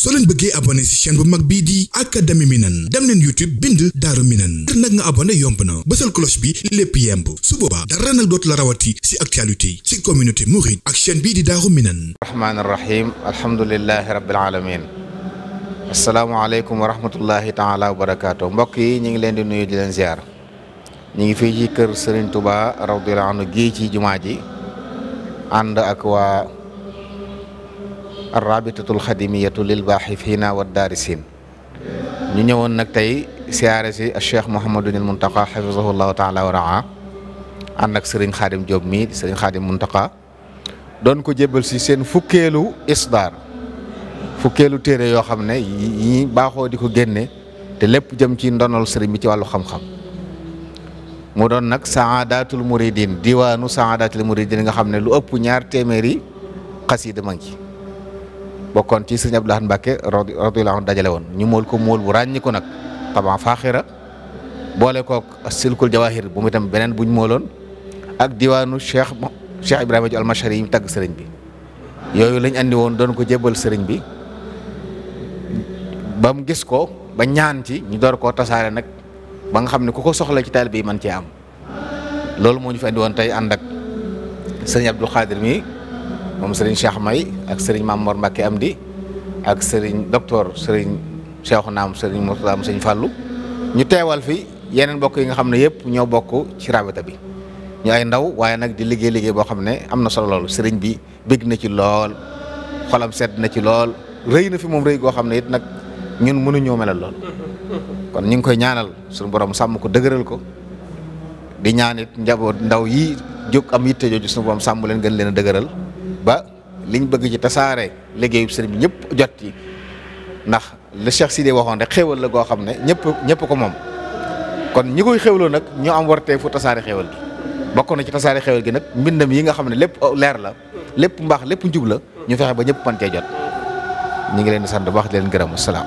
soo leen bëggee abonné ci chaîne bu mag bii di académie Minane dem leen YouTube bind Daaru Minane ngir nag nga abonné yomb na bësal cloche bi lépp yemb su boobaa dara nag dootu la rawati ci actualité ci communauté mouride ak chaîne bii di Daaru Minane rahmaani rahim alhamdulilahi rabbil alamin asalaamaaleykum wa rahmatullahi taala wa barakaatu mbokk yi ñu ngi leen di nuyu di leen ziar ñu ngi fii ci kër Serigne Touba radiyallahu anhu gi ci jumaa ji ànd ak waa arrabitatul xadimiyatu lil baaxi fiina wa daarisin ñu ñëwoon nag tey siyaare si cheikh Mouhamadunil Muntaqa xafisahullahu taala wa raa ànd ak sëriñ xaadim Diop mii di sëriñ xaadim Muntaqa doon ko jébbal si seen fukkeelu isdaar fukkeelu téere yoo xam ne ñi baaxoo di ko génne te lépp jëm ci ndonal sëriñ bi ci wàllu xam-xam mu doon nag saadatul muridin diwaanu saadatul muridin nga xam ne lu ëpp ñaar téeméeri xasiida ma ngi bokkoon ci sëñ Abdou Lahad Mbacke radiyallahu anhu dajale woon ñu mool ko mool bu ràññiku nag taban faaxira boole kook silkul jawahir bu mu itam beneen buñ mooloon ak diwaanu cheikh cheikh Ibrahima Diop almashari yi mu tagg sëriñ bi yooyu lañ andi woon doon ko jébbal sëriñ bi ba mu gis ko ba ñaan ci ñu door koo tasaare nag ba nga xam ne ku ko soxla ci taal yi mën cee am loolu moo ñu fi andi woon tey ànd ak sëriñ Abdou Khadir mi moom sëriñ Cheikh May ak sëriñ Mamor am Amdi ak sëriñ docteur sëriñ Cheikh Naam sëriñ Mourtada am sëriñ Fallou ñu teewal fi yeneen mbokk yi nga xam ne yëpp ñoo bokk ci rabita bi ñu ay ndaw waaye nag di liggéey liggéey boo xam ne am na solo lool sëriñ bi bég na ci lool xolam sedd na ci lool rëy na fi moom rëy goo xam ne it nag ñun mënuñoo melal lool. kon ñu ngi koy ñaanal suñu borom sàmm ko dëgëral ko di ñaan njaboot ndaw yi jóg am yitte jooju suñu borom sàmm leen gën leen a dëgëral. ba liñ bëgg ci tasaare liggéeyu sëriñ bi ñëpp jot ci ndax le si de waxoon rek xéwal la goo xam ne ñëpp ñëpp ko moom kon ñi koy xéwloo nag ñu am wartee fu tasaare xéwal gi bokk na ci tasaare xéwal gi nag mbindam yi nga xam ne lépp leer la lépp mbaax lépp njub la ñu fexe ba ñëpp mën jot ñu ngi leen di sant baax di leen gërëm salaam.